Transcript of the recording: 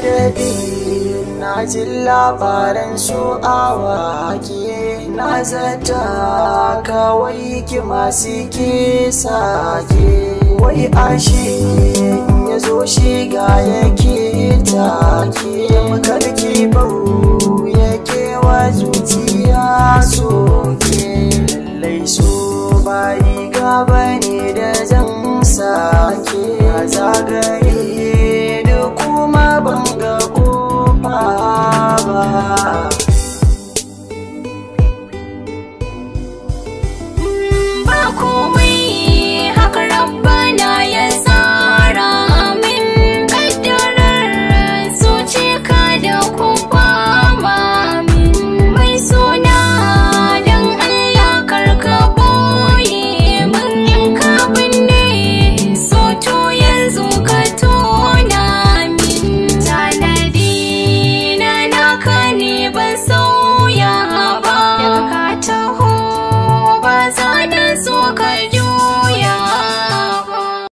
daɗe na ji labaran su a ke na zata kawai ki masu ke sake wai shi ya zo shiga yake take makarki bau yake wa zuciya soke lallai so bayi gaba ne da zan sake a zagaye love.